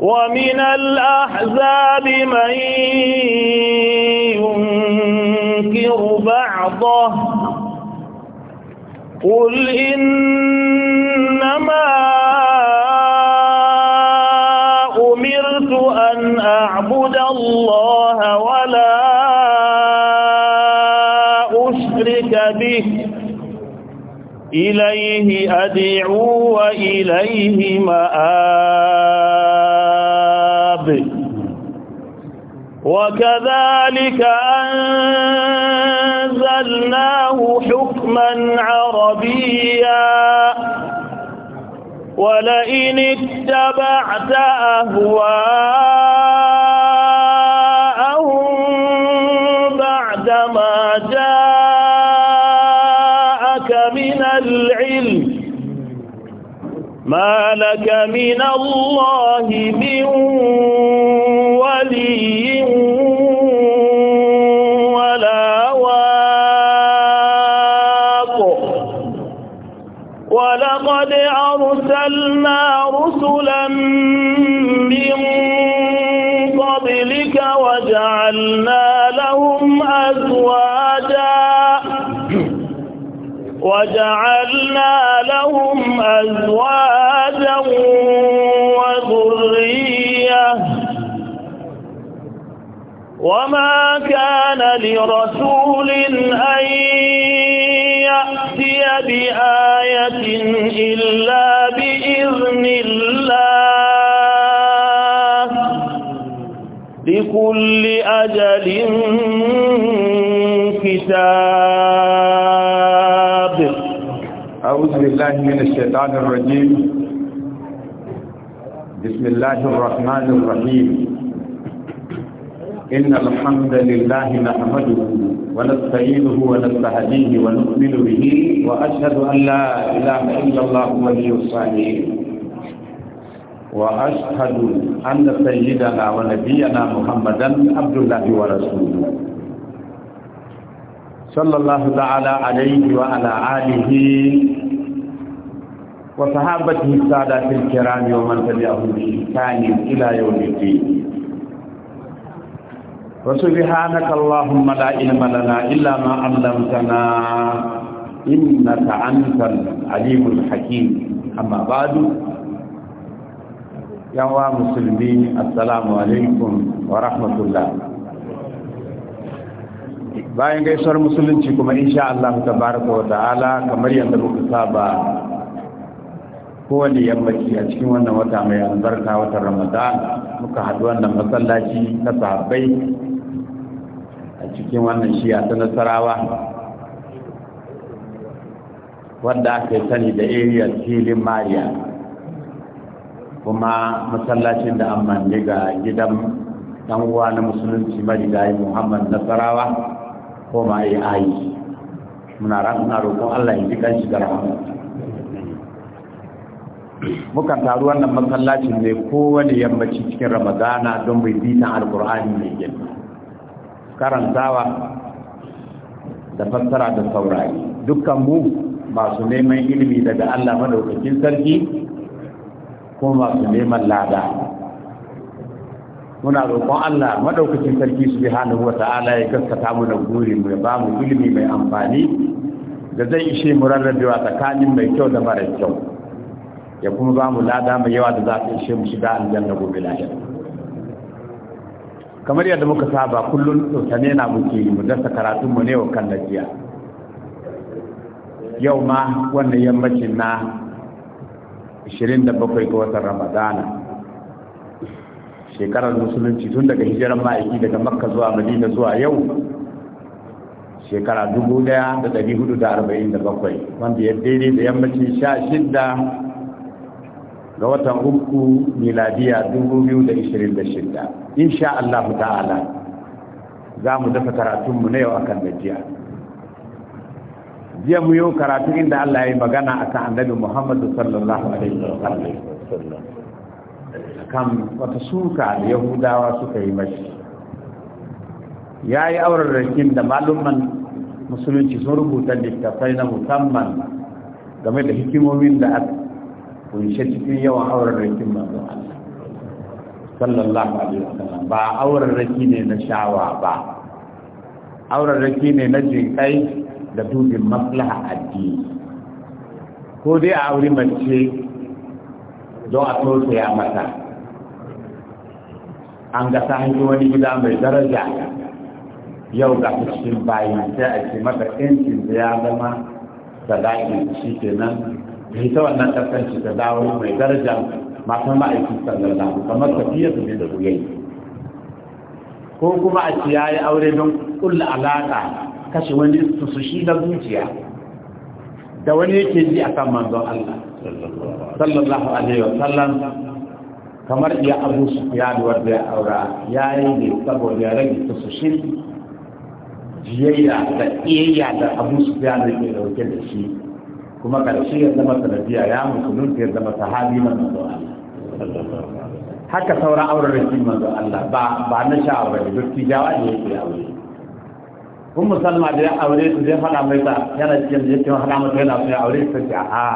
ومن الأحزاب من ينكر بعضه قل إنما أمرت أن أعبد الله ولا أشرك به إليه أدعو وإليه مآب وكذلك أنزلناه حكما عربيا ولئن اتبعت أهواء بعدما جاءك من العلم ما لك من الله من وجعلنا لهم أزواجا وجعلنا لهم أزواجا وذرية وما كان لرسول أن يأتي بآية إلا بإذن الله أجل كتاب أعوذ بالله من الشيطان الرجيم بسم الله الرحمن الرحيم إن الحمد لله نحمده ونستعينه ونستهديه ونؤمن به وأشهد أن لا إله إلا الله ولي الصالحين وأشهد أن سيدنا ونبينا محمدا عبد الله ورسوله صلى الله تعالى عليه وعلى آله وصحابته السادات الكرام ومن تبعهم بإحسان إلى يوم الدين وسبحانك اللهم لا علم لنا إلا ما علمتنا إنك أنت العليم الحكيم أما بعد yanwa musulmi assalamu alaikum wa rahmatullah bayan gaisuwar musulunci kuma insha Allah tabaraka wa ta'ala kamar yadda muka saba kowane yammaci a cikin wannan wata mai albarka watan ramadan muka haɗu wannan masallaci na sahabbai a cikin wannan shiya ta nasarawa wanda aka yi sani da area filin mariya kuma masallacin da amman ga gidan dan uwa na musulunci marigayi muhammad nasarawa ko ma AI muna ranar roƙon allah ya ji kan shi da muka taru wannan masallacin ne kowane yammaci cikin ramadana don mai bitan alkur'ani mai girma karantawa da fassara da saurari dukkan mu masu neman ilimi daga allah madaukakin sarki Kuma masu neman lada muna roƙon Allah maɗaukacin sarki Su subhanahu ta'ala ya gaskata mu da guri mu ya ba mu ilimi mai amfani da zai ishe mu rarrabewa tsakanin mai kyau da mara kyau ya kuma ba mu lada mai yawa da za ta ishe mu shiga aljanna gobe lahira kamar yadda muka saba kullum ne na muke yi mu dasa karatunmu ne wa kan lafiya yau ma wannan yammacin na 27 ga watan ramadana shekarar musulunci tun daga hijirar ma'aiki daga makka zuwa madina zuwa yau shekara 1447 wanda ya daidai da yammacin 16 ga watan uku miladiya 2026 insha Allah ta'ala za mu dafa karatunmu na yau akan gajiya jiya mu yi karatu inda Allah ya yi magana a kan annabi Muhammadu sallallahu alaihi sallam kan wata suka da Yahudawa suka yi mashi ya yi auren rikin da malumman musulunci sun rubuta littattafai na musamman game da hikimomin da aka kunshe cikin yawan auren rikin Allah sallallahu alaihi wa sallam. ba auren ne na shawa ba auren ne na jinkai da dubin maslaha addini ko dai a auri mace don a tausaya mata an ga ta hanyar wani gida mai daraja yau ga cikin bayan sai a ce mata yancin da ya zama sadaki shi kenan da ta wannan kasance ta dawo mai daraja matan ma'aikin sallallahu kamar tafiya su ne da ruyayi ko kuma a ciyayi aure don kulla alaƙa kashe wani tusushi na zuciya da wani yake ji akan manzon Allah sallallahu alaihi wasallam kamar ya abu su ya duwar da ya aura ya yi ne saboda ya rage tusushin jiyayya da iyayya da abu su ya da ke dauke da shi kuma karshe ya zama sanadiyya ya musulunta ya zama sahabi na manzon Allah haka sauran auren rikin manzon Allah ba na sha'awar da duk tijawa ne yake aure kun musalma da ya aure su zai faɗa mai ta yana cikin da yake faɗa mata yana so aure su ce a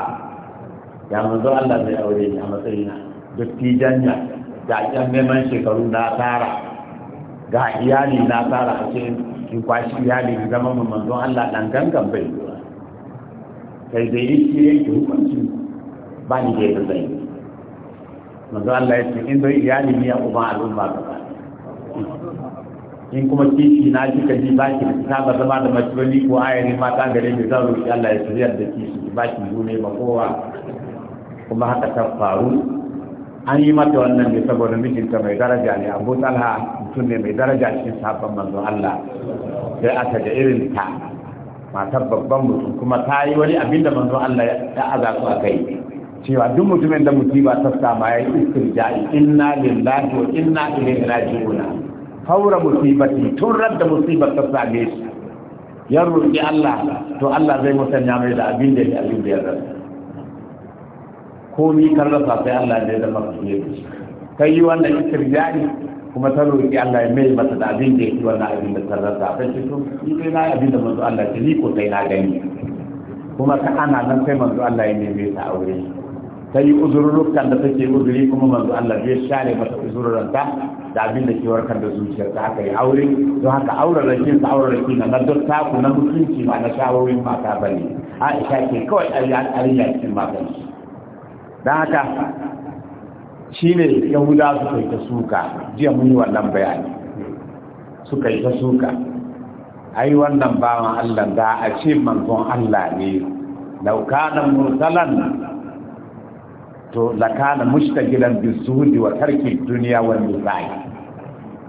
ya manzo Allah zai aure ni a matsayina duk tijanya da ƙyan neman shekaru na tara ga iyali na tara a ce in kwashi iyali da zama mu manzo Allah ɗan gangan bai zuwa sai dai yake yake hukunci ba ni da zai manzo Allah ya ce in dai iyali ni ya kuma al'umma gaba in kuma kishi na kika ji ba ki ta ba zama da mace wani ko ma ta gare ni zan roki Allah ya tsiriyar da kishi ba ki dole ba kowa kuma haka ta faru an yi mata wannan ne saboda mijinta mai daraja ne abu talha mutum ne mai daraja cikin sabon manzo Allah sai aka ga irin ta matar babban mutum kuma ta yi wani abin da manzo Allah ya aza su a kai cewa duk mutumin da musiba ta sama ya yi istirja'i inna lillahi wa inna ilaihi raji'una faura musibati tun radda musibar ta same shi ya roƙi Allah to Allah zai musanya mai da abin da ya abin da ya rasa komi kan rasa sai Allah ne da masu ne kai yi wannan jari kuma ta roƙi Allah ya mai masa da abin da ya yi wannan abin da ta rasa sai ce to ni kai na abin da manzo Allah ce ni ko sai na gani kuma ka ana nan sai manzo Allah ya neme ta aure ta yi uzurrukan da take uzuri kuma manzo Allah zai share mata uzurranta da abin da ke warkar da zuciyar ta haka yi aure don haka auren rakin sa aure rakin na ta ku, na mutunci ma na shawarin mata bane Aisha ke kawai ariya cikin matan shi don haka shine Yahuda su kai ta suka jiya mun yi wannan bayani su yi ta suka ai wannan bawan Allah da a ce manzon Allah ne laukanan mursalan to lakana mushtagilan bizuhudi wa tarki duniya wal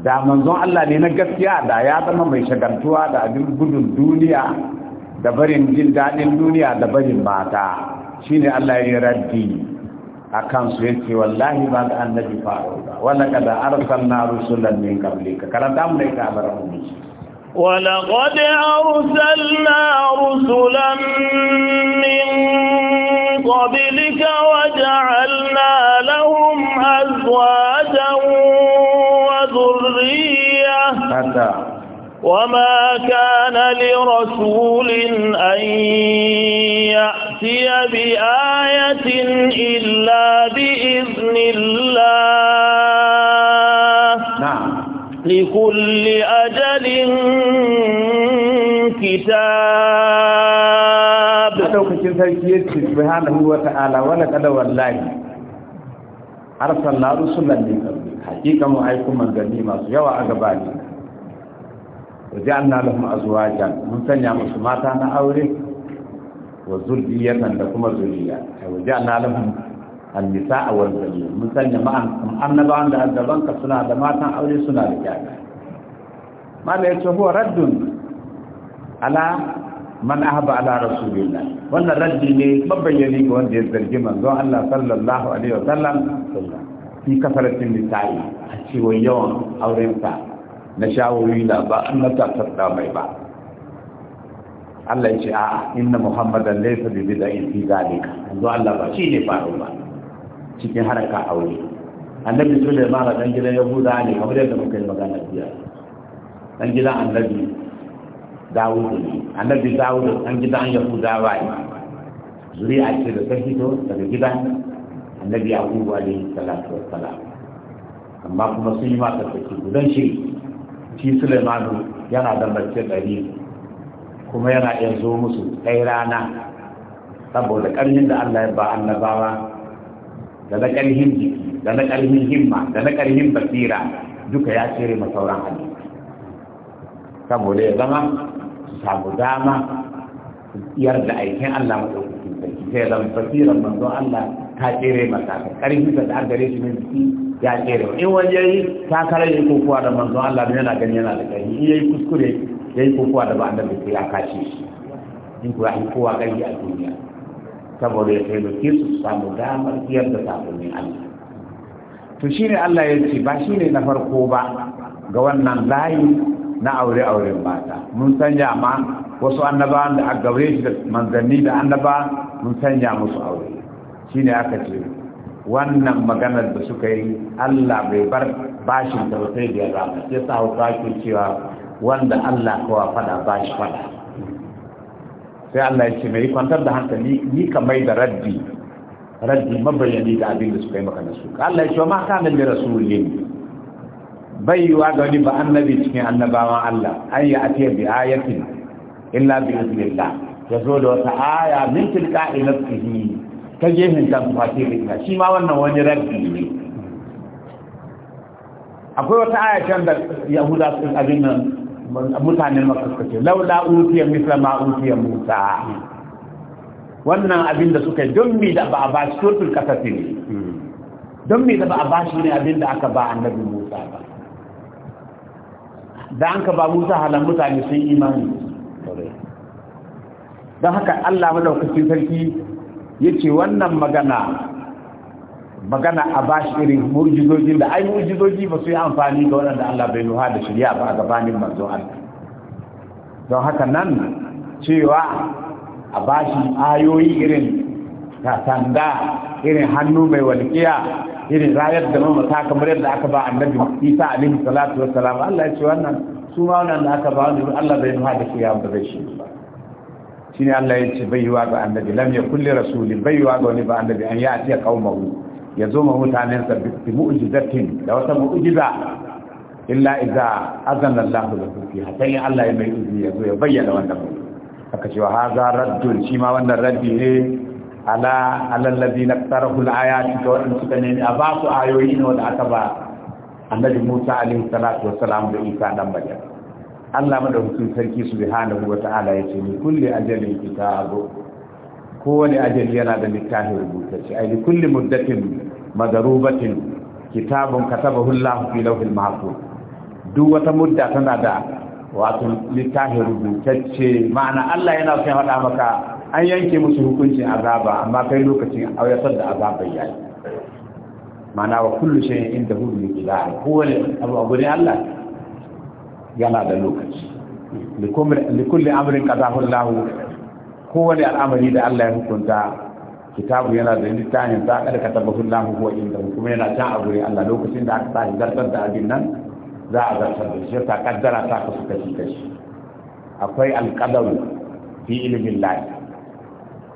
da manzon Allah ne na gaskiya da ya zama mai shagaltuwa da abin gudun duniya da barin jin daɗin duniya da barin mata shine Allah ya raddi akan su yace, wallahi ba da annabi faru ba wala kada arsalna rusulan min qablika karanta mu ne ka baramu ولقد أرسلنا rusulan min? قبلك وجعلنا لهم أزواجا وذرية وما كان لرسول أن يأتي بآية إلا بإذن الله نعم لكل أجل كتاب madaukakin sarki ya ce subhanahu wa ta'ala wa laqad wallahi arsalna rusulan min qablik haqiqa mu aiku manzanni masu yawa a gabani wa ja'alna lahum azwajan mun sanya musu mata na aure wa zurriyatan da kuma zuriya wa ja'alna lahum annisa wal zuriya mun sanya ma'an annabawan da azaban ka suna da matan aure suna da yaya mala yace huwa raddun ala man ahaba ala rasulillah wannan raddi ne mabayyani ga wanda ya zargi manzon Allah sallallahu alaihi wasallam fi kasaratin nisa'i a yawan aurenta na shawoyi da ba an na mai ba Allah ya ce a'a inna muhammadan laysa bi bid'in fi zalika Allah ba shi ne faru ba cikin haraka aure annabi Sulaiman dan gidan Yahuda ne kamar yadda muka yi magana jiya dan gidan annabi dawudu ne annabi dawudu an gidan yahudawa ne a ce da ta fito daga gidan annabi yaqubu alaihi salatu wassalam amma kuma sun yi masa saki gudan shi shi sulaimanu yana da mace ɗari kuma yana iya zo musu ɗaya rana saboda ƙarfin da Allah ya ba annabawa da na ƙarfin jiki da na ƙarfin himma da na ƙarfin basira duka ya cire masauran hannu saboda ya zama su samu dama su da aikin Allah maɗaukakin sarki sai zama basiran manzon Allah ta tsere masa ka ƙarfi da an gare shi mai biki ya tsere in wani yayi takarar yayi kokowa da manzon Allah yana gani yana da ƙarfi in yi kuskure yayi kokowa da ba da sai ya kashe shi in kuwa yi kowa ƙarfi a duniya saboda ya taimake su su samu damar yar da sakonin Allah to shine Allah ya ce ba shine na farko ba ga wannan layi na aure-auren mata mun sanya ma wasu annabawan da aka shi da manzanni da annaba mun sanya musu aure shi ne aka ce wannan maganar da suka yi allah bai bar bashin da sai da ya rana ya sa hausa ke cewa wanda allah kawa fada bashi fada sai allah ya ce mai kwantar da hankali ni ka mai da raddi raddi mabayani da abin da suka yi maka nasu allah ya ce ma kanin da rasulun bai yiwa ga wani ba annabi cikin annabawan Allah an yi atiyar bi ayatin illa bi iznillah ya zo da wata aya min tilka ilafsihi ta gefen kan fatirika shi ma wannan wani rabbi ne akwai wata aya can da yahuda sun abin nan mutanen makaskace laula utiya misla ma utiya musa wannan abin da suka don mi da ba a ba shi turtul kasafin hmm. don mi da ba a ba shi ne abin da aka ba annabi musa ba da an ka ba musa halan mutane sun imani don haka allah madaukakin sarki ya ce wannan magana magana a bashi irin murjizoji da ai murjizoji ba su yi amfani ga waɗanda allah bai nuha da shirya ba a gabanin manzo allah don haka nan cewa a bashi ayoyi irin sanda irin hannu mai walƙiya irin rayar da ta kamar yadda aka ba annabi isa alaihi salatu wa salam Allah ya ce wannan su ma wannan da aka ba wannan Allah bai nuna da kiyama ba bai shi ba shine Allah ya ce bai yiwa ga annabi lam ya li rasulin bai yiwa ga wani ba annabi an ya atiya qaumahu ya zo ma mutanen sa bi mu'jizatin da wata mu'jiza illa idza azana Allah lahu fiha sai Allah ya mai izini ya zo ya bayyana wannan haka cewa haza raddun shi ma wannan raddi ne ala alallazi na tarahul ayati ga wadanda suka nemi a ba su ayoyi ne wanda aka ba annabi Musa alaihi salatu wassalam da Isa dan Maryam Allah madaukakin sarki subhanahu wata'ala yace ni kulli ajalin kitabu kowane ajali yana da littafin rubutacce ai li kulli muddatin madarubatin kitabun katabahu Allah fi lawhil mahfuz duk wata mudda tana da wato littafin rubutacce ma'ana Allah yana son faɗa maka an yanke musu hukuncin azaba amma kai lokacin auyatar da ya yi mana wa kullu shay'in inda hudu ne ilahi kowane abu abu ne Allah yana da lokaci likulli amrin qadahu Allah kowane al'amari da Allah ya hukunta kitabu yana da littafin ta kada ka tabbahu Allah ko inda kuma yana ta a ne Allah lokacin da aka tsaya zartar da abin nan za a zartar da shi ta kaddara ta kasu kashi kashi akwai alqadar fi ilmin lahi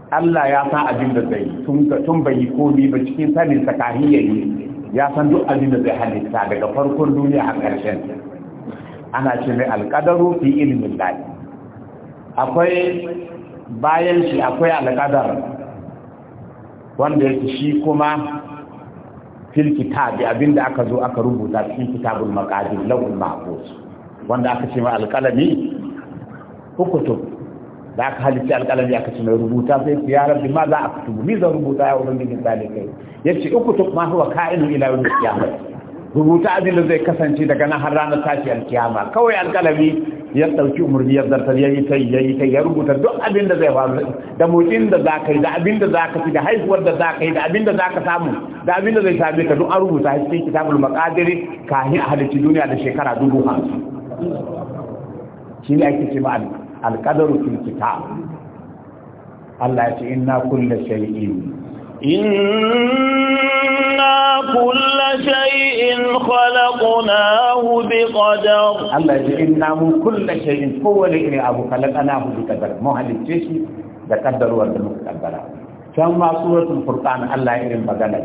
Allah ya san abin da zai tun bai yi komi ba cikin sanin sa kahiyar yi ya san duk abin da zai halitta daga farkon duniya a ƙarshen ana ce mai alƙadaru fi ilimin lahi akwai bayan shi akwai alƙadar wanda yake shi kuma fil abin da aka zo aka rubuta cikin kitabul maqadir lawul mahfuz wanda aka ce mai alƙalami hukutu da aka halitta alƙalami aka ce mai rubuta sai ku ya rabbi ma za a kutubu ni zan rubuta ya ubangiji talibai ya ce uku tuk ma huwa ka'inu ila yawm al-qiyamah rubuta abin da zai kasance daga nan har ranar tashi alkiyama kawai alƙalami ya ɗauki umarni ya zartar ya yi tai ya yi tai ya rubuta duk abin da zai faru da motsin da za ka yi da abin da za ka fi da haihuwar da za ka yi da abin da za ka samu da abin da zai same ka duk an rubuta cikin kitabul maqadir kahin a halicci duniya da shekara dubu hamsin shi ne ake ce ma'ana alƙadaru fil kitab Allah ya ce inna kulla shay'in inna kulle shay'in khalaqnahu bi qadar Allah ya ce inna mu kulla shay'in kowane irin abu khalaqnahu bi qadar mu shi da kaddarwar da muka kaddara can masu suratul furqan Allah irin magana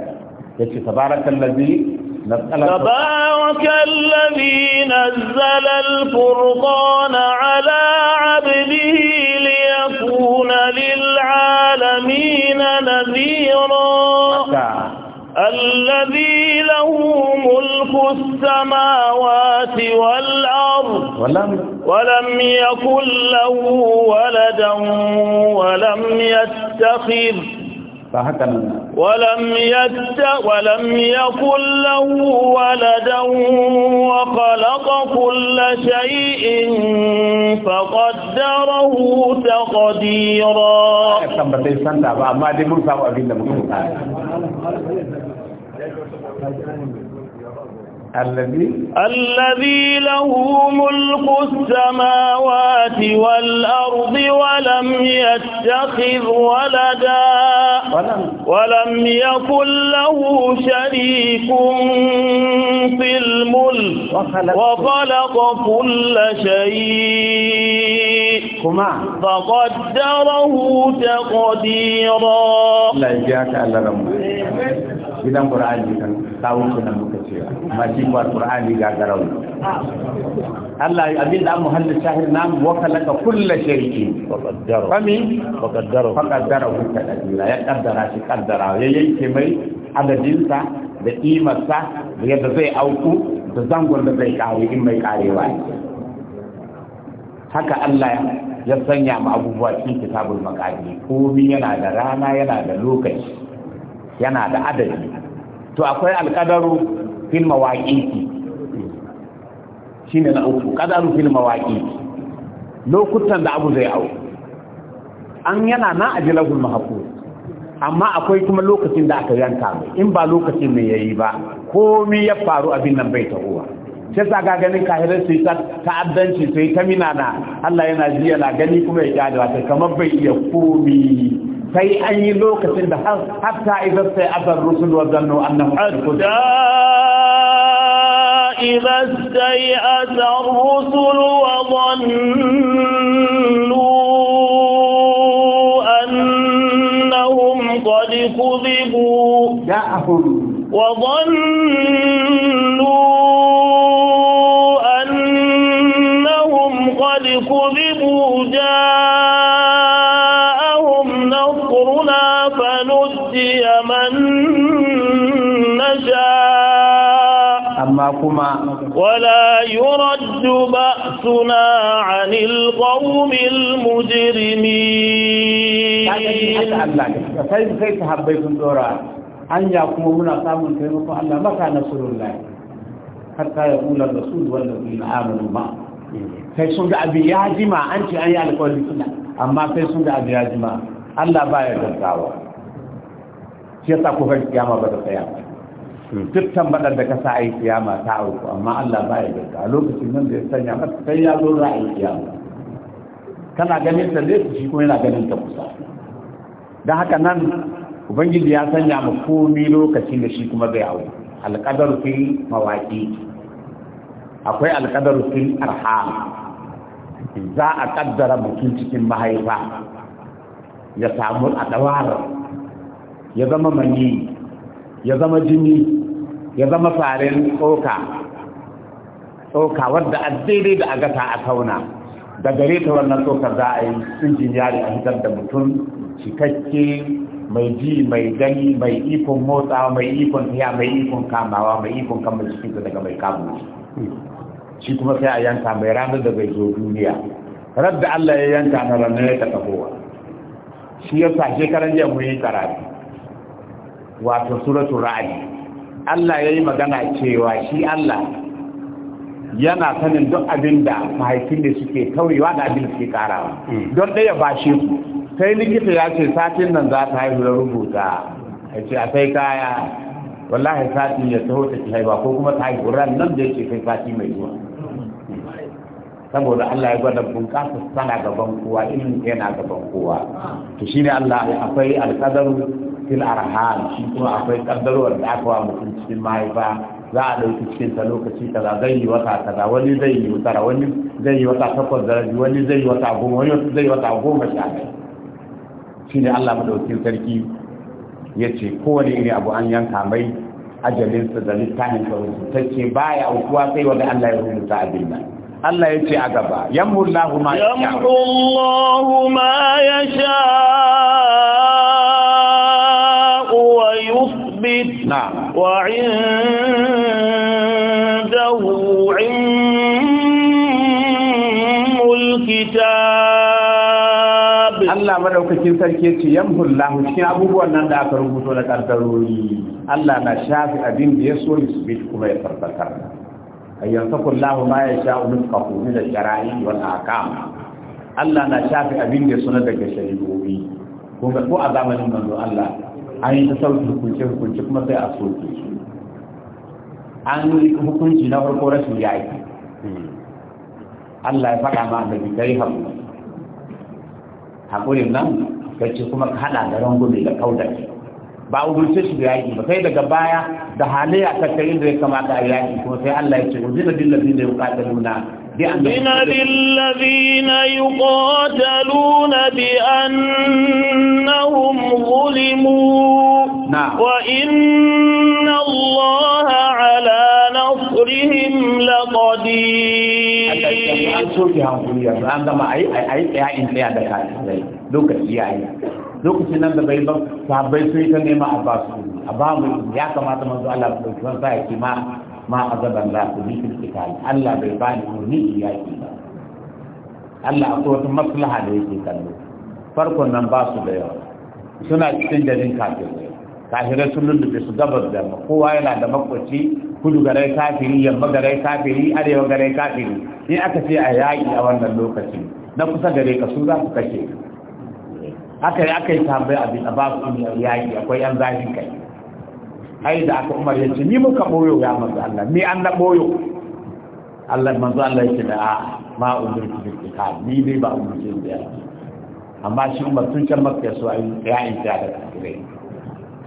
yace tabarakallazi تبارك الذي نزل الفرقان على عبده ليكون للعالمين نذيرا الذي له ملك السماوات والأرض ولم, ولم يكن له ولدا ولم يتخذ ولم يت ولم يكن له ولدا وخلق كل شيء فقدره تقديرا الذي الذي له ملك السماوات والأرض ولم يتخذ ولداً ولم يكن له شريك في الملك وخلق كل شيء فقدره تقديرا لا يجاك على رمضان gidan Qur'ani kan kawo sunan muka قرآن amma shi ba Qur'ani ga garau Allah ya abin da an muhallin shahir nan waka laka kulla shirki. Fakaddara. fami Fakaddara. faqaddara hu kadira ya kaddara shi kaddara ya yanke mai adadinsa da kimar da yadda zai auku da zangon da zai kare in mai karewa haka Allah ya sanya ma abubuwa cikin kitabul maqadi Komi yana da rana yana da lokaci yana da adadi to akwai alkadaru fil mawaqiti shine na uku qadaru fil mawaqi lokutan da abu zai au an yana na ajalul mahfuz amma akwai kuma lokacin da aka yanka mai in ba lokacin mai yayi ba komai ya faru abin nan bai tahowa sai sa ga ganin kahirar sai ta ta'addanci sai ta minana Allah yana ji yana gani kuma ya kada wata kamar bai iya komi sai an yi lokacin da har, hatta idan sai azar rusul wa zannu annahu إذا استيأس الرسل وظنوا أنهم قد كذبوا وظنوا kuma wala yuraddu ba'suna 'anil qawmil mujrimin sai sai dora kuma muna samun Allah maka nasrullahi hatta ya kula rasul amanu ma sai sun ga abin an an yi alƙawari suna amma sai sun ga abin baya gaggawa shi yasa ku ga kiyama ba ta tsaya duk tambaɗar da ka sa ai kiyama ta auku amma Allah ba ya gaska a lokacin nan da ya sanya maka sai ya zo za a yi kiyama kana ganin ta ne shi kuma yana ganin ta kusa don haka nan ubangiji ya sanya mu komi lokacin da shi kuma zai auku alƙadar fi mawaƙi akwai alƙadar fi arham za a ƙaddara mutum cikin mahaifa ya samu a ya zama maniyi ya zama jini ya zama farin tsoka tsoka wadda a daidai da a gata a tauna da gare ta wannan tsokar za a yi injiniyari a hitar da mutum cikakke mai ji mai gani mai ikon motsa mai ikon iya mai ikon kamawa mai ikon kamar cikinsa daga mai kamun shi kuma sai a yanka mai ranar da bai zo duniya radda Allah ya yanka na ranar ya ta kafowa shi ya sa shekaran jiya mun yi karatu wato suratul ra'adi, Allah yayi magana cewa shi Allah yana sanin duk abin da mahaifin da suke kauyewa da abin da suke karawa mm. don ɗaya ba shi su sai likita ya ce satin nan za ta haihu da rubuta a ce a sai kaya wallahi sati ya taho ta ci ba ko kuma ta haihu ran nan da yake kai sati mai zuwa saboda Allah ya gwada bunƙasa sana gaban kowa ilimin yana gaban kowa to shine Allah akwai alƙadaru fil arham shi kuma akwai kaddarwar da aka wa mutum cikin mahaifa za a ɗauki cikin ta lokaci kaza zai yi wata kaza wani zai yi tara wani zai yi wata takwas da rabi wani zai yi wata goma wani zai yi wata goma sha ɗaya shi ne Allah madaukakin sarki ya ce kowane iri abu an yanka mai ajalinsa da littafin sa ba baya aukuwa sai wanda Allah ya rubuta abin nan Allah ya ce a gaba yamhu Allahu ma yasha yamhu Allahu المسجد نعم وعنده علم الكتاب الله madaukakin sarki yace yamhullahu cikin abubuwan nan da aka rubuto na karkarori Allah na shafi abin da yaso yusbit kuma ya farfakar ayyansakullahu ma sha rizqahu min da jarai wal ahkam Allah na shafi abin da suna daga shari'o'i ko ko a zamanin manzo Allah an yi ta sauki hukunce hukunce kuma sai a soke shi an yi hukunci na farko rashin ya aiki Allah ya faɗa ma annabi gari haƙuri haƙurin nan ce kuma ka haɗa da rangume da kaudar ba a wuce shi da yaƙi ba sai daga baya da halayya ta kai inda ya kamata a yaƙi kuma sai Allah ya ce uzina bil ladina yuqatiluna بأن للذين يقاتلون بأنهم ظلموا وإن الله على نصرهم لقدير an soke hankuri yanzu an gama a ya yi lokacin nan da bai ba sabai sai ta nema a basu a ba mu ya kamata manzo Allah ya ɗauki sa ya ma. ma azaban la su bi fiskal Allah bai ba ni murni iyaki ba Allah akwai wata maslaha da yake kallo farkon nan ba su da yawa suna cikin jarin kafirai kafirai sun lullube su gabas da yamma kowa yana da makwaci kudu garai kafiri yamma garai kafiri arewa garai kafiri in aka ce a yaƙi a wannan lokaci na kusa gare ka su za su kashe aka yi aka yi tambayi a ba su yaƙi akwai yan zafin kai ai da aka umar yace ni muka boyo ya manzo Allah ni an na boyo Allah manzo Allah yake da ma ma ki ki ka ni dai ba ki da amma shi umar tun can maka so ai ya in ta da kire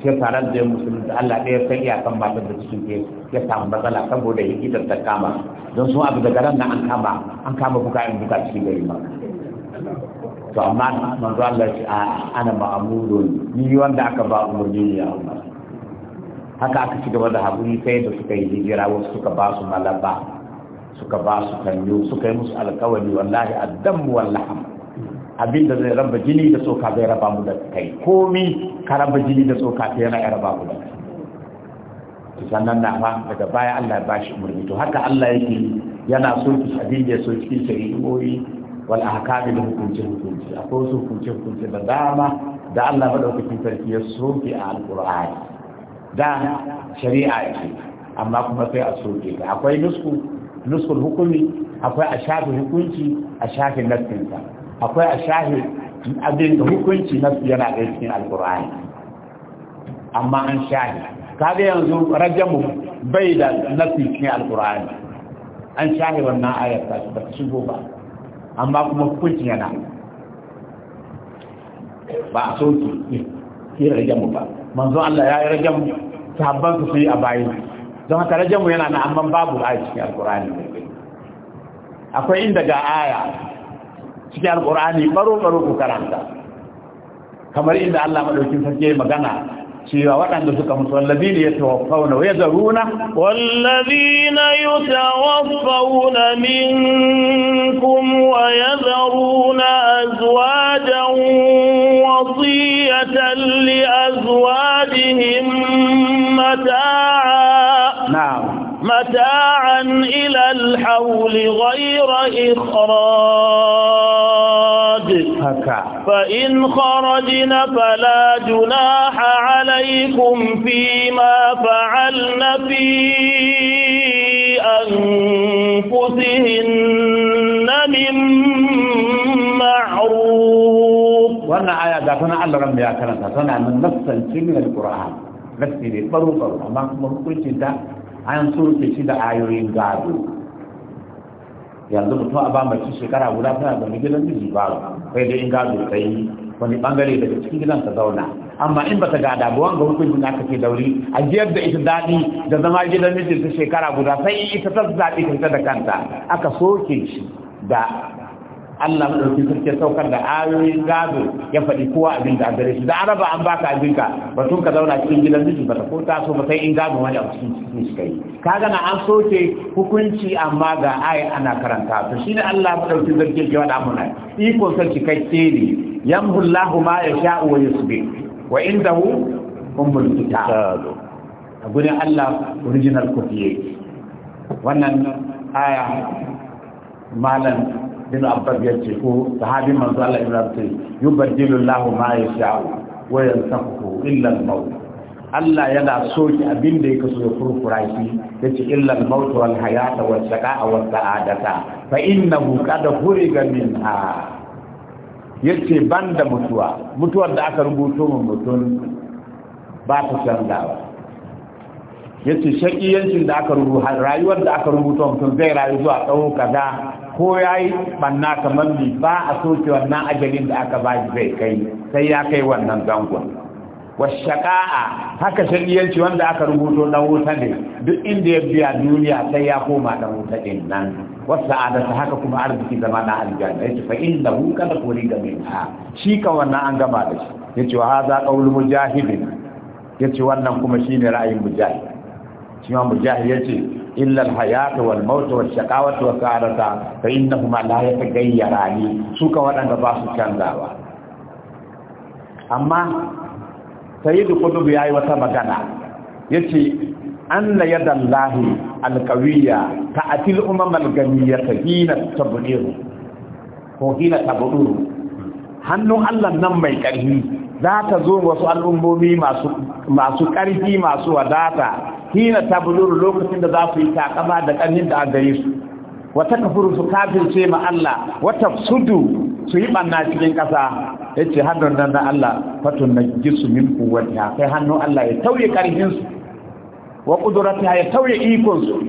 sai tare da musulmi da Allah ɗaya sai ya kan ba da cikin ke ya samu matsala saboda ya kitar ta kama don sun abu garan nan an kama an kama buka in buka cikin gari ma to amma manzo Allah ya ce ana ma'amudun ni wanda aka ba umar ni ya umar haka aka ci gaba da haƙuri ta yadda suka yi hijira wasu suka ba su malaba suka ba su kanyo suka yi musu alkawari wallahi addam wallaham abinda zai raba jini da tsoka zai raba mu da kai komi ka raba jini da tsoka ta yana ya raba mu da kai sannan na fa daga baya Allah ya bashi umarni to haka Allah yake yana so ki abin da ya so cikin shari'o'i wal ahkami da hukunci hukunci akwai wasu hukunci hukunci da dama da Allah madaukakin sarki ya soke a alqur'ani da shari'a ce amma kuma sai a soke ta akwai nusku nuskul hukumi akwai a shafi hukunci a shafi nassinsa akwai a shafi abin da hukunci nasu yana da cikin alkur'ani amma an shafi kaga yanzu rajamu bai da nasu cikin alkur'ani an shafi wannan ayar ta ba ta shigo ba amma kuma hukunci yana ba a soke kira rajamu ba manzon Allah ya yi rajamu sahabban su su yi a bayi don haka mu yana na amman babu a cikin alkurani akwai inda ga aya cikin alkurani baro-baro ku karanta kamar inda Allah madaukin sarki magana cewa waɗanda suka mutu wallazi ne ya tawaffauna wa ya zaruna wallazi na yi minkum wa ya zaruna azwajan wasi عشية لأزواجهم متاعا نعم متاعا إلى الحول غير إخراج فإن خرجن فلا جناح عليكم فيما فعلن في أنفسهن من معروف wannan aya ga tana Allah ran ya karanta tana nan nassan cikin alquran nassi ne baro baro amma kuma hukuncin ta an surke shi da ayoyin gado yanzu mutum a ba mace shekara guda tana da gidan miji ba kai da in gado kai wani bangare daga cikin gidan ta zauna amma in baka ga damuwan ga hukuncin da aka ke dauri a jiyar da ita daɗi da zama gidan miji ta shekara guda sai ita ta zaɓi ta da kanta aka soke shi da Allah madauki sarki saukar da ayoyin gado ya faɗi kowa abin da gare shi da araba an baka abin ka batun ka zauna cikin gidan miji ba ko ta so ba sai in gado wani abu cikin cikin shi kai kaga na an soke hukunci amma ga ayi ana karanta to ne Allah madaukin sarki ya wada muna iko sarki kai ne yamhullahu ma yasha'u wa yusbi wa indahu umul kitab a gurin Allah original copy wannan aya malam bin abbas ya ce ko sahabin manzo Allah ibn abbas yubaddilu Allah ma yasha'u wa yansahu illa al-maut Allah yana soki abin da yake so ya furfura shi yace illa al-maut wal hayata was saqa'a was sa'adata fa innahu qad furiga minha yace banda mutuwa mutuwar da aka rubuto mun mutum ba ta canzawa yace shakiyancin da aka rubuta rayuwar da aka rubuta mutum zai rayu zuwa tsawon kaza ko ya yi banna kamar bi ba a soke wannan ajalin da aka ba zai kai sai ya kai wannan zangon washaka'a haka shariyanci wanda aka rubuto na wuta ne duk inda ya biya duniya sai ya koma da wuta ɗin nan wasu adata haka kuma arziki zama na aljanna ce fa inna hu da kori ga min ha shi ka wannan an gama da shi Ya ce wa ka wuli mujahidin ce wannan kuma ne ra'ayin mujahid shi ma mujahid ce? illa al-hayat wal maut wal shaqawat wa sa'arata fa innahuma la yataghayyarani su ka wadanda ba su canzawa amma sayyidu qutb yayi wata magana yace anna yadallahi al-qawiyya ta'til umam al-ganiyata hina tabdiru ko hina tabdiru hannun Allah nan mai karfi za ta zo wasu al'ummomi masu masu karfi masu wadata hina tabluru lokacin da za su yi takama da ƙarnin da a gare su wata kafuru su kafirce ma Allah wata sudu su yi banna cikin ƙasa ya ce hannun nan na Allah fatun na gisu min kuwata kai hannun Allah ya tauye ƙarfinsu wa ƙudurata ya tauye ikonsu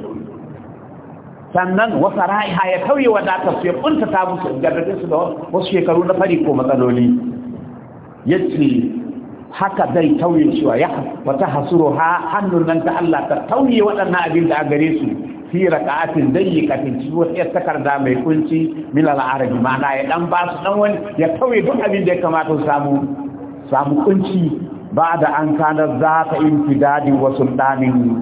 sannan wa sarai ya tauye su ya ta musu su da wasu shekaru na fari ko matsaloli ya ce haka zai tauye cewa ya wata hasuro ha hannun nan ta Allah ta tauye waɗannan abin da a gare su fi raka'atin dayyikatin ci wata ya takarda mai kunci min al'arabi ma'ana ya dan ba su dan wani ya tauye duk abin da ya kamata su samu samu kunci ba da an kana za ka infidadi wa sultanin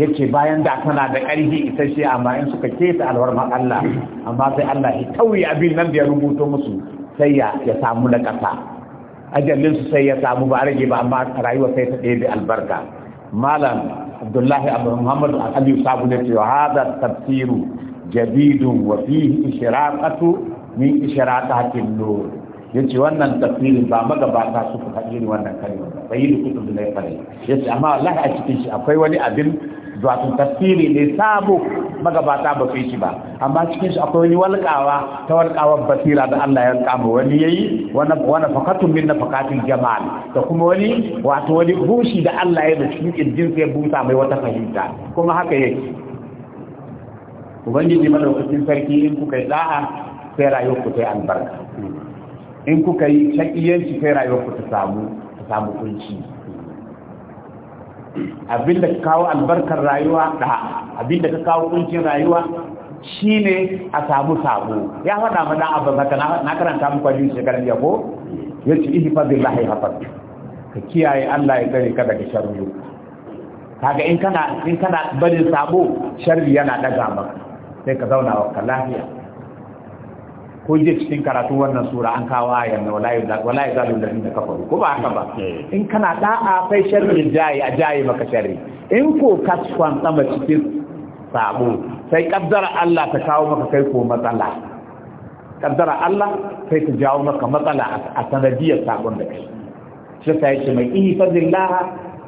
ce bayan da kana da ƙarfi isasshe amma in suka keta alwarma Allah amma sai Allah ya tauye abin nan da ya rubuto musu sai ya samu na ƙasa ajalin su sai ya samu ba rage ba amma rayuwa sai ta da albarka malam abdullahi abu muhammad aliyu sabu ne cewa hada tafsiru jadidun wa fihi ishraqatu min ishraqatin nur yace wannan tafsirin ba magabata suka faɗi wannan kalma ba sai da kudu ne fare yace amma wallahi a cikin shi akwai wani abin wato tasiri ne sabo magabata ba su shi ba amma cikin shi akwai wani walƙawa ta walƙawar basira da Allah ya kama wani yayi wani wani fakatun min nafakatil jama'a da kuma wani wato wani bushi da Allah ya da cikin kirjin sai busa mai wata fahimta kuma haka yake ubangiji lokacin sarki in kuka yi da'a sai rayuwar ku ta yi albarka in kuka yi shakiyanci sai rayuwar ku ta samu ta samu kunci abinda ka kawo albarkar rayuwa da abinda ka kawo kuncin rayuwa shine a samu sabo ya faɗa mana abin haka na karanta muku ajin shekaran jiya ya ce ihi fa billahi hafar ka kiyaye Allah ya tsare ka daga sharri kaga in kana in kana barin sabo sharri yana daga maka sai ka zauna wa lafiya ko je cikin karatu wannan sura an kawo ayan na wala ya zalim lalin da kafaru ko ba haka ba eh. in kana da'a sai sharri jayi a jayi maka sharri in ko ka sama cikin sabo sai kaddara Allah ta kawo maka kai ko matsala kaddara Allah sai ta jawo maka matsala a sanadiyar sabon da kai shi sai ce mai ihi fadillah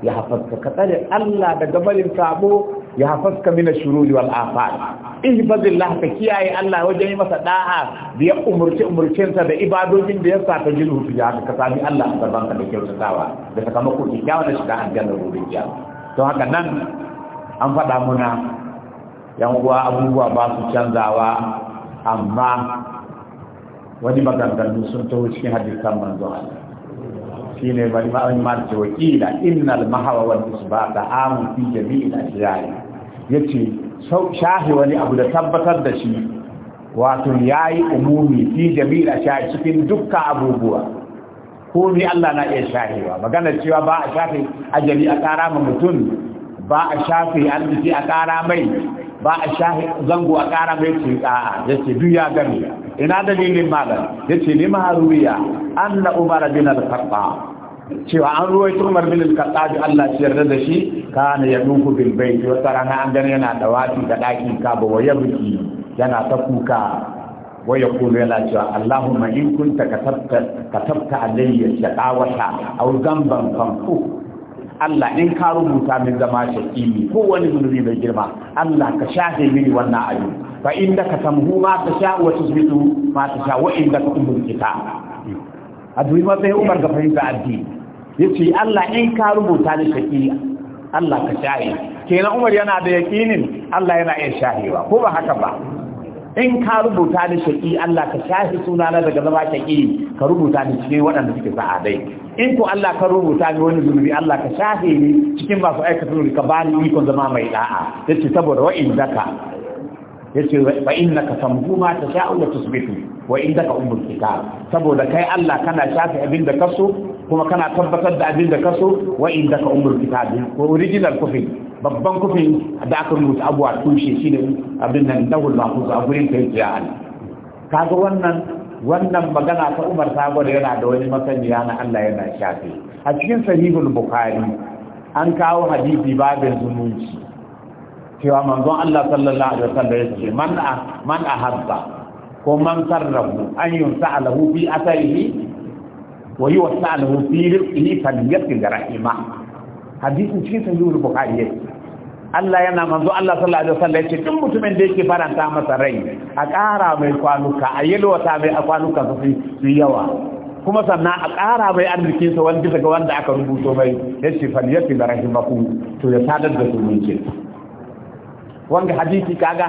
ya hafaska ka tsare Allah daga barin sabo ya hafaska min ash-shururi wal afat ihfazillah ka kiyaye Allah wajen yi masa da'a da ya umurce umurcen sa da ibadojin da ya sa ta hutu ya ka sami Allah a banka ka da kyautatawa da sakamakon kyakkyawan da shiga aljanna rubiya to haka nan an faɗa muna yan uwa abubuwa ba su canzawa amma wani maganganu sun taho cikin hadisan manzo Allah ne bari ma an ma ce wakila innal mahawa wal isba da amun fi jami'il ashyari yace shahi wani abu da tabbatar da shi wato yayi umumi fi jami'il ashyari cikin dukkan abubuwa ko ni Allah na iya shahewa magana cewa ba a shafe ajali a tsara ma mutum ba a shafe arziki a tsara mai ba a shafe zango a tsara mai ce a'a yace duk ya gani ina dalilin malam yace lima ruwiya anna umar bin al-khattab cewa an ruwaito umar bin al-khattab Allah ya yarda da shi kana duku bil bayt wa tarana an gani yana da dawati da ɗakin, ba waya biki yana ta kuka wa yaqulu yana cewa Allahumma in kunta katabta katabta alayya shaqawata aw zamban fanfu Allah in ka rubuta min zama shaqi ko wani zunubi mai girma Allah ka shafe mini wannan ayyuka fa ka tamhu ma sha wa tusbitu ma sha wa ka ummul kita a ma bai umar ga fahimta addini yace Allah in ka rubuta ni shaki, Allah ka shaye kenan umar yana da yaqinin Allah yana iya shahewa ko ba haka ba in ka rubuta ni shaki, Allah ka shahi sunana daga zama shaki, ka rubuta ni cikin waɗanda suke sa'adai in ko Allah ka rubuta ni wani zunubi Allah ka shahi ni cikin masu aikata zunubi ka bani ikon zama mai da'a yace saboda wa'in zaka yace fa innaka tamhu ma tasha'u wa tusbitu wa indaka ummul kitab saboda kai Allah kana shafi abin da kaso kuma kana tabbatar da abinda da kaso wa indaka ummul kitab ko original kufin babban kufin da aka rubuta abuwa tushe shine abin nan dawul mahfuz a gurin kai jiyan kaga wannan wannan magana ta Umar Sabo da yana da wani masaniya na Allah yana shafe. a cikin sahihul bukhari an kawo hadisi babin zumunci cewa manzon Allah sallallahu alaihi wasallam ya ce man a man ahabba ko man sarrahu an yunsa alahu fi asarihi wa yuwassa alahu fi rizqihi falyasil rahima hadisin cikin sahihul bukhari yake Allah yana manzo Allah sallallahu alaihi wasallam yace duk mutumin da yake faranta masa rai a ƙara mai kwanuka a yi yalwata mai kwanuka su yawa kuma sannan a ƙara mai arzikin sa wanda daga wanda aka rubuto mai yace fal yafi rahimakum to ya sadar da zumunci wanda hadisi kaga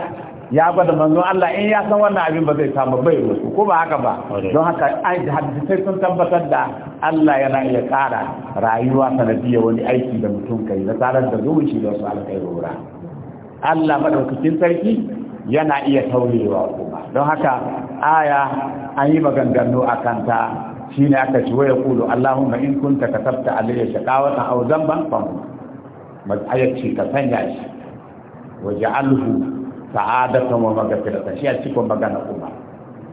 ya gwada manzo Allah in ya san wannan abin ba zai samu bai musu ko ba haka ba don haka ai sai sun tabbatar da Allah yana iya kara rayuwa sanadiyar wani aiki da mutum kai na tsarar da zumunci da wasu rora. Allah madaukakin sarki yana iya taurewa kuma don haka aya an yi maganganu a kanta shine aka ci waya kulu Allahumma in kunta katabta alayya shaqawatan aw dhanban fa ayace ka sanya shi waj'alhu sa'adatan wa maghfiratan shi a ko magana kuma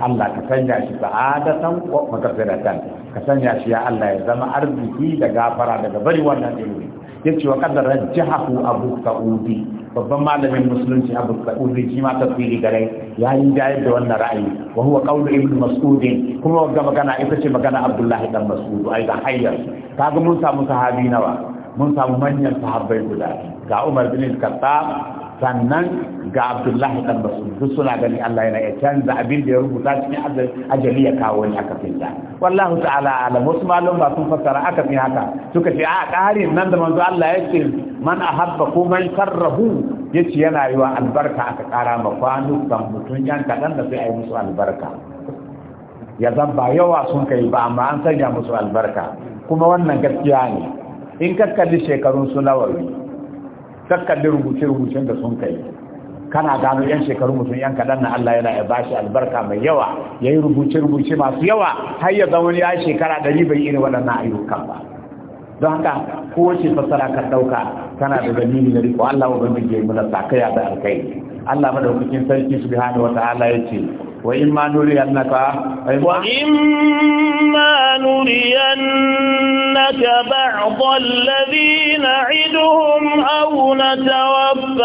Allah ka sanya shi sa'adatan wa maghfiratan ka sanya shi ya Allah ya zama arziki da gafara daga bari wannan ilimi yace wa qad rajjahu abu sa'udi babban malamin musulunci abu sa'udi shi ma tafsiri gare ya yi dai da wannan ra'ayi wa huwa qawlu ibn mas'ud kuma ga magana ita ce magana abdullahi dan mas'ud ai da hayyar kaga mun samu sahabi nawa mun samu manyan sahabbai guda ga umar bin khattab sannan ga abdullahi dan basu duk suna gani Allah yana ya canza abin da ya rubuta cikin ajali ya kawo ni aka finta wallahu ta'ala alam wasu malum ba sun fassara aka fi haka suka ce a ƙarin nan da manzo Allah ya ce man ahabba ko man karrahu yace yana yiwa albarka aka ƙara ma kan mutun yan kaɗan da sai ayi musu albarka ya zan ba yawa sun kai ba amma an sanya musu albarka kuma wannan gaskiya ne in ka kalli shekarun su kakkalli rubuce-rubucen da sun kai kana gano yan shekaru mutum yan kaɗan na Allah yana ya bashi albarka mai yawa ya yi rubuce-rubuce masu yawa har ya zama ya shekara ɗari bai irin waɗannan ayyukan ba don haka kowace fasara ka ɗauka tana da dalili na riko Allah ubangiji ya yi mana sakaya da alkai Allah madaukakin sarki subhanahu wata'ala ya ce وإما نرينك أيوة. وإما نرينك بعض الذي نعدهم أو نتوفينك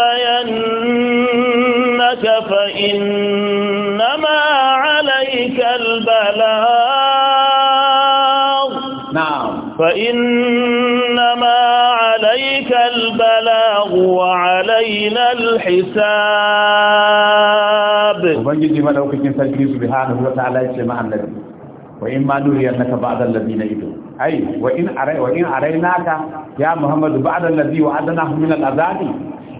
فإنما عليك البلاغ نعم فإن البلاغ وعلينا الحساب وبنجي ما لو كنت تلقي سبحانه وتعالى يسمع النبي وإما نرينك بعض الذين يدعو أي وإن أري وإن أريناك يا محمد بعد الذي وعدناه من العذاب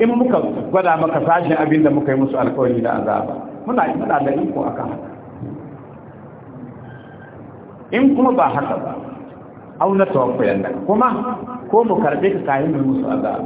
إن مك غدا مك ساجن أبين da muka yi musu alƙawari da azaba muna muna da iko akan haka in kuma ba haka ba Auna na tawakkulan nan kuma ko mu karbe ka kayan mu musu azab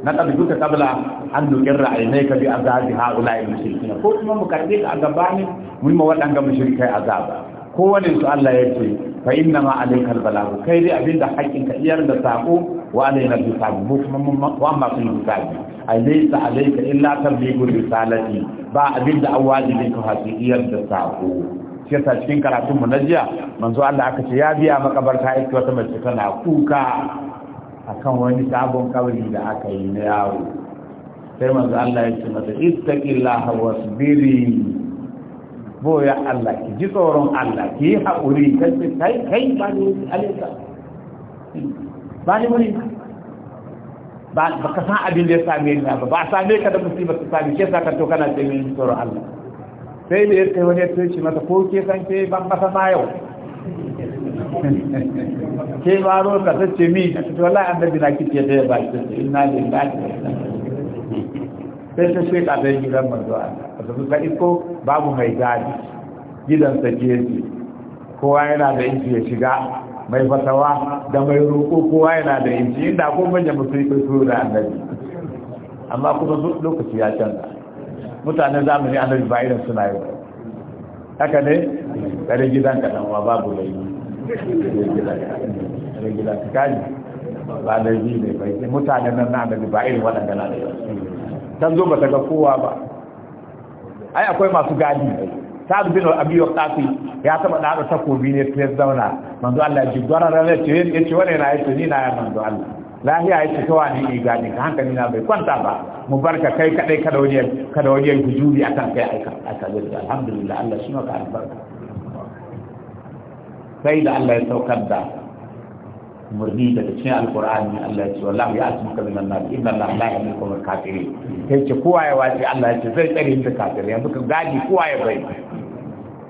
na duka kabla an dokin ra'ayi ka bi azabi haula ulai mushrikin ko kuma mu karbe ka azabani, gabani mu ma wadan ga mushrikai azaba wani su Allah ya ce fa inna ma alayka albalagh kai dai abinda haƙƙin ka iyar da sako wa alayna bisabu mu kuma wa amma kun bisabu alaysa alayka illa tablighur risalati ba abinda awajibin ka haƙƙin iyar da sako shi cikin karatun mu na jiya manzo Allah aka ce ya biya makabarta aiki wata mace tana kuka akan wani sabon kawai da aka yi na yawo sai manzo Allah ya ce mata ittaqillaha wasbiri boya Allah ki ji tsoron Allah ki yi haƙuri kai kai ba ni alisa ba ni muni ba ka san abin da ya same ni ba ba same ka da musibar ta same shi yasa ka to kana min tsoron Allah sai da yadda wani ya ce mata ko ke san ke ban masa ma yau ke ba ro ka ta ce mi wala wallahi annabi na kike da ba ta ce inna lillahi sai ta ce ka da gidan manzo Allah ta su ka iko babu mai gadi gidan sa jeji kowa yana da inji ya shiga mai fatawa da mai roƙo kowa yana da inji inda ko manyan musulmi ko da annabi amma kuma lokaci ya canza mutanen zamani an ba irin suna yi haka ne ɗare gidan ka ɗanwa babu da yi ɗare gidan ka kaji ba da yi ne bai sai mutanen nan na da ba irin waɗanda na da yi dan zo ba ta ga kowa ba ai akwai masu gadi sa'ad bin abiyo kafi ya taba da takobi ne sai zauna manzo Allah ya ji gwararra ne ce ce wani na yi ni na ya manzo Allah lahiya yake wani ne gadi ka hankali na bai kwanta ba mu barka kai kadai kada waje kada waje ku juri akan kai aika aka zai alhamdulillah Allah shi maka albarka sai da Allah ya saukar da murni daga cikin alkur'ani Allah ya ce wallahi ya ka min annar inna Allah la yuhibbu al-kafirin kai ce kowa ya wace Allah ya ce zai tsare ni da kafirai yanzu ka gadi kowa ya bai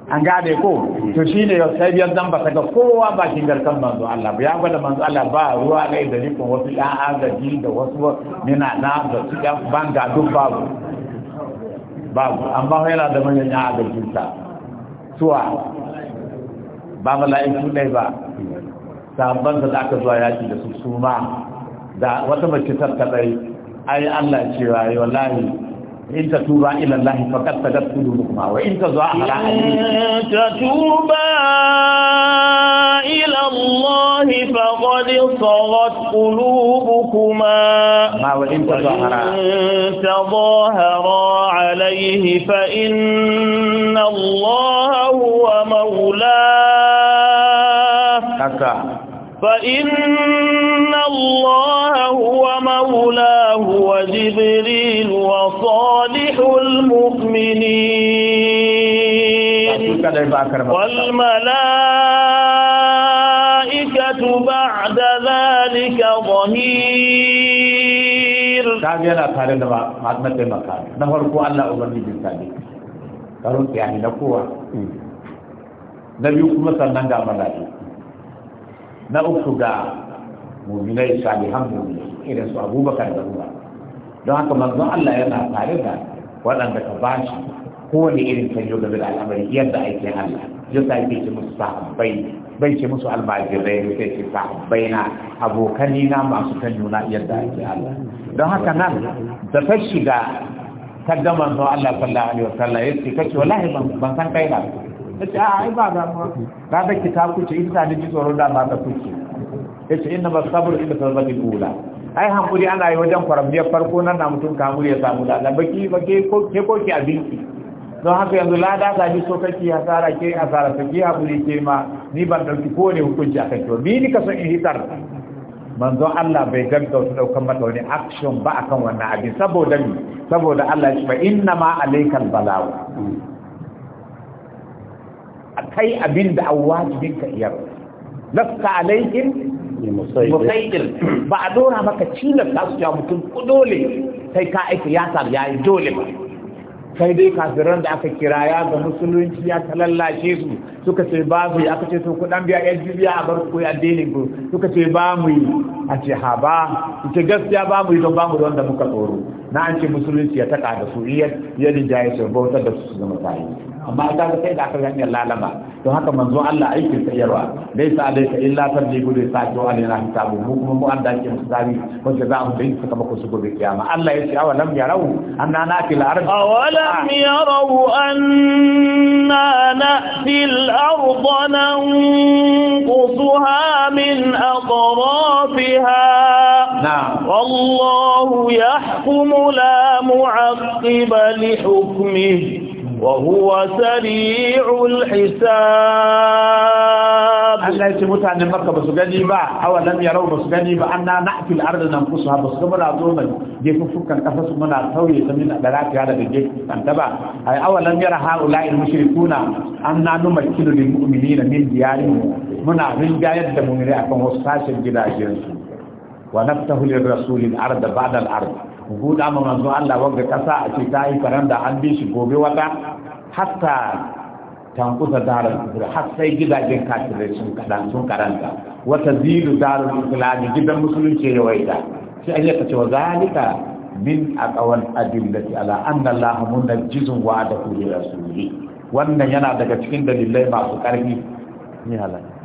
an gane ko to shine sai biyar zamba ta ga kowa ba shi garkan manzo Allah ya gwada manzo Allah ba ruwa ne da nufin wasu ɗan agaji da wasu mina na da su ɗan banga duk babu babu amma yana da manyan ɗan agajin suwa ba mala'iku ne ba sabban da aka zuwa yaki da su suma da wata mace ta kadai ai Allah cewa wallahi إن تتوبا إلى الله فقد سجت قلوبكما وإن تظاهرا إن تتوبا إلى الله فقد صغت قلوبكما وإن تظاهرا تظاهرا عليه فإن الله هو مولاه فإن الله هو مولاه وجبريل وصالح المؤمنين والملائكة بعد ذلك ظهير تابعي لا تعالي لما مات مات المقال نهاركو الله أبني بالتالي قالوا يعني نقوة نبي يقول مثلا ننجا ملاجي نأخذ مؤمنين don haka manzo Allah yana tare da waɗanda ka ba shi kowane irin sanyo game da al'amari yadda ake Allah yasa yake ce musu sahabbai bai ce musu almajirai sai ce sahabbai na abokani na masu kan na yadda ake Allah don haka nan da ta shiga ta ga manzo Allah sallallahu alaihi wasallam ce kace wallahi ban san kai na kace a ai ba da mu Ba da kitabu ce in ta ji tsoron da ma da kuke kace inna basabru illa sabati bula ai hankuri ana yi wajen kwaramniyar farko nan na mutum kamuri ya samu lada baki baki ke koki abinci don haka yanzu lada ta ji sokaki hasara ke hasara ta ke hakuri ke ma ni ban ɗauki ne hukunci a kan kyau ni ni ka son in hitar manzon Allah bai gaggauta ɗaukar mata wani action ba akan wannan abin saboda ni saboda Allah shi ba inna ma alaikal balawu kai abin da an wajibin ka iyar lafka alaikin musaidir ba a dora maka cilar ta su mutum ku dole sai ka aiki ya sa ya yi dole ba sai dai kafiran da aka kira ya ga musulunci ya talallashe su suka ce ba mu yi aka ce su kudan biya ji biya a bar ya addinin ku suka ce ba mu yi a ce ha ba ce gaskiya ba mu yi don ba mu don da muka tsoro na an ce musulunci ya taka da su iya ya jaye su bautar da su su zama tayi amma ka ga sai da aka gani lalama don haka manzo Allah aikin sayarwa dai sa dai ka illa tarji gudu sa to alaina kitabu mu kuma mu an dace mu sabi ko da za mu dai suka mako su gobe kiyama Allah ya ce awalam yarau anna nati al-ard awalam yarau anna nati al-ard nanqusuha min atrafiha والله يحكم لا معقب لحكمه وهو سريع الحساب هل ليس متى أن المكة بقى أو لم يروا بسجاني بقى أننا نأتي الأرض ننقصها بس كما أظن جيكو فكا قفص منا الثوي يسمينا بلات هذا الجيك انتبه أو لم يرى هؤلاء المشركون أننا نمكن للمؤمنين من ديارهم من جاية دمو من رأيكم وصفاش الجلاجين ونفته للرسول الأرض بعد الأرض guda ma manzo Allah wanda kasa a ce ta yi faranda an bi shi gobe wata hatta tankusa darul kufr har sai gidajen kafirai sun kadan sun karanta wata zidu darul islami gidan musulunci ya waita sai an yaka cewa zalika min aqwal adillati ala anna allaha munajjizun wa da li rasuli wannan yana daga cikin dalilai masu karfi ni halaka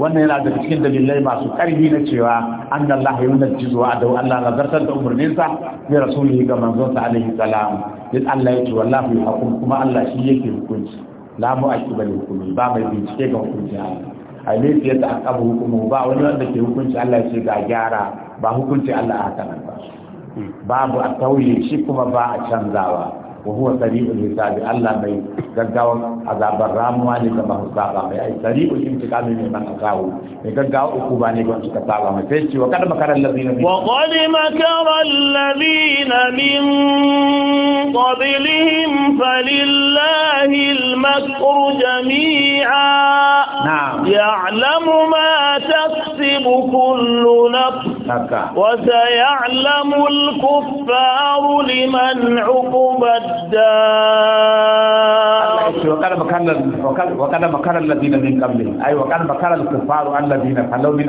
wannan yana daga cikin dalilai masu ƙarfi na cewa an da Allah ya nuna a dawo Allah na zartar da umarninsa ya rasuli ga manzonsa alaihi salam duk Allah ya ce wallahi hukum kuma Allah shi yake hukunci la mu akiba da hukumi ba mai bincike ga hukunci Allah a ne fiye a akabu hukumu ba wani wanda ke hukunci Allah ya ce ga gyara ba hukunci Allah a haka ba hmm. babu a tauye shi kuma ba a canzawa وهو سريع الحساب الله مي جاو عذاب الرامواني كما حسابا مي أي سريع الانتقام مما نقاو مي جاو أكوباني كما حسابا مي وكذا وقد مكر الذين من وقد مكر الذين من قبلهم فلله المكر جميعا نعم يعلم ما تكفر تكسب كل نفس وسيعلم الكفار لمن عقب الدار وكان مكر الذين من قبلهم أي وكان مكر الكفار الذين فلو من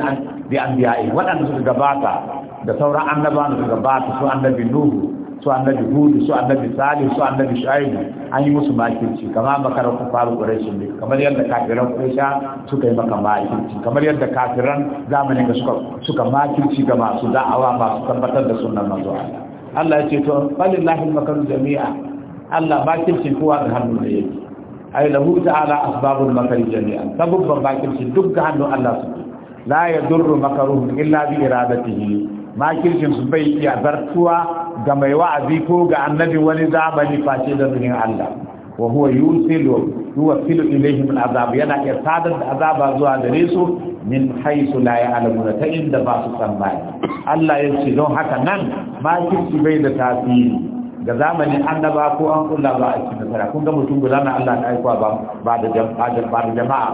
بأنبيائهم وأن سجباتا da sauran annabawan da gabata su annabi Nuhu su annabi hudu su annabi salih su annabi shu'aibu an yi musu makirci kamar makarar kufaru shi ne kamar yadda kafiran quraisha suka yi maka makirci kamar yadda kafiran zamanin da suka suka makirci ga masu da'awa masu tabbatar da sunnan manzo Allah ya ce to falillahi makaru jami'a Allah makirci kowa da hannu da yake ay lahu ta'ala asbabul makari jami'a sabubban makirci duk ga hannu Allah su la yadurru makaruhu illa bi iradatihi makircin su bai iya zartuwa ga mai wa'azi ko ga annabi wani zamani face da zuhin Allah wa huwa yusilu filu ilayhim al'azab yana iya sadar da azaba zuwa gare su min haisu la ya'lamun ta inda ba su tsammani Allah ya ce don haka nan makirci bai da tasiri ga zamanin annaba ko an kula ba a cikin tsara, kun ga mutum guda na Allah ta aikwa ba da jama'a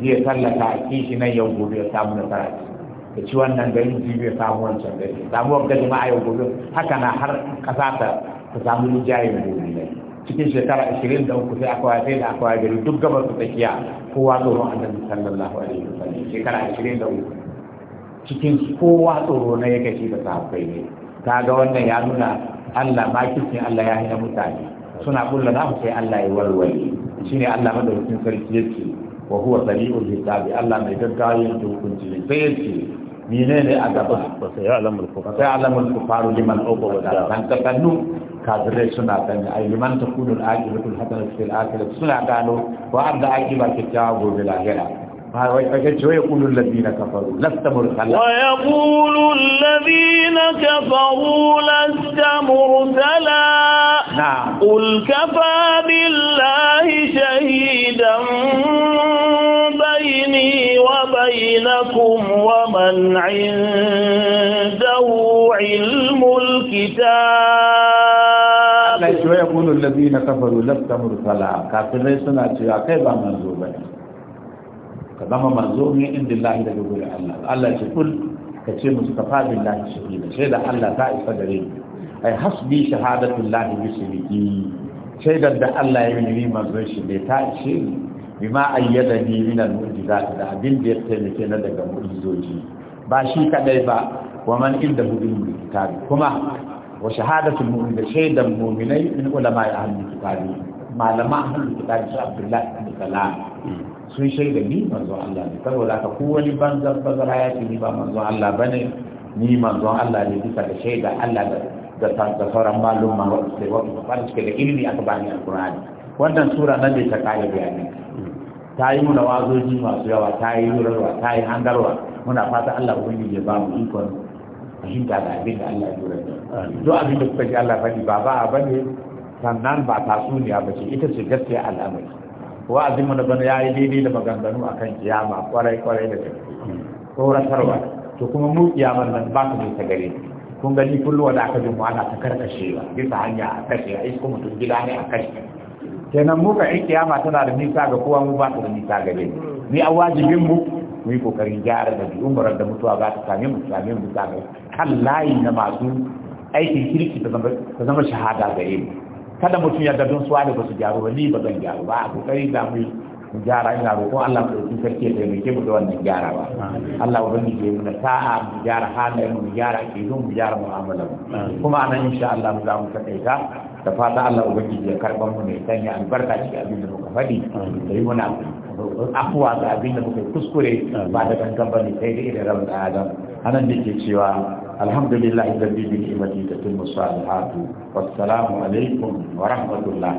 ya tallata a kishi nan yau gobe ya samu nasara da ci wannan gari mutum bai samu wancan gari samuwar gari ma a yau gobe haka na har kasa ta ta samu rijaye na gobe cikin shekara ashirin da uku sai aka waye da aka waye gari duk gabar su tsakiya kowa tsoron annabi sallallahu alaihi wasallam shekara ashirin da uku cikin kowa tsoro na ya kashi da sahabbai ne ga wannan ya nuna Allah makircin Allah ya hina mutane suna kulla na sai Allah ya warware shine Allah madaukakin sarki yake wa huwa sari'ul hisabi Allah mai gaggawa yin hukunci sai yake menene a gaba ba sai ya alamul kufaru sai alamul kufaru liman uba wa da kan takannu kafirai suna gani ai liman takunu al-aqibatul hadana fil akhirah suna gano wa abda aqiba kitabu bil akhirah ويقول الذين كفروا لست مرسلا ويقول الذين كفروا لست مرسلا نعم قل كفى بالله شهيدا بينكم ومن عنده علم الكتاب لا شو يقول الذين كفروا لست مرسلا كافر كافرين سنة كيف منزول بني كما منزول من عند الله لقبول الله الله يقول كشيء مصطفى بالله شهيدا شهيدا الله تعيش قدرين أي حسبي شهادة الله بسلكي شهيدا الله يمني منزول شهيدا تعيش شهيدا bima ayyada ni min al-mu'jizat da abin da ya taimake na daga mu'jizoji ba shi kadai ba wa man inda hu bil kitab kuma wa shahadatul mu'min da shaidan mu'minai min ulama ya ahlul kitab malama ahlul kitab su abdullah ibn salam sun shaida ni manzo Allah ne saboda ka ko wani banzan bazara ya ni ba manzo Allah bane ni manzo Allah ne bisa da shaida Allah da da sauran maluma wa sai wa fara cike da ilimi aka bani alqur'ani wannan sura nan da ta kare bayani ta yi muna wazoji masu yawa ta yi yurarwa ta yi hangarwa muna fata Allah ubangiji ya ba mu ikon fahimta da abin da Allah ya lura abin da kuka ji Allah faɗi ba ba bane sannan ba tatsuniya ba ce ita ce gaskiya al'amari wa'azin mu na bana ya yi daidai da maganganu a kan kiyama kwarai kwarai da gaske tsoratarwa to kuma mu kiyamar nan ba su ta gare kun gani kullum da aka mu ana ta karkashewa bisa hanya a kashe a isko mutum gida ne a kashe kenan ka in kiyama tana da nisa ga kowa mu ba ta da nisa ga ne. ni a wajibin mu mu yi kokarin gyara da umarar da mutuwa za ta same mu same mu ga kan layi na masu aikin kirki ta zama shahada ga mu kada mutum ya gadon suwa da ba su gyaru ba ni ba zan gyaru ba a kokari da mu gyara ina roƙo Allah ko su sarki ya taimake mu da wannan gyarawa Allah ubangiji ya muna sa'a mu gyara halayen mu gyara akidun mu gyara mu'amalar mu kuma anan insha Allah mu za mu kaɗaita da fata Allah ubangiji ya karban mu ne sanya albarka shi abin da muka faɗi da yi muna afuwa ga abin da muka kuskure ba da gangan ba ne sai da irin rabin adam anan da ke cewa alhamdulillah idan bibi ne da tun musu alhatu wassalamu alaikum wa rahmatullah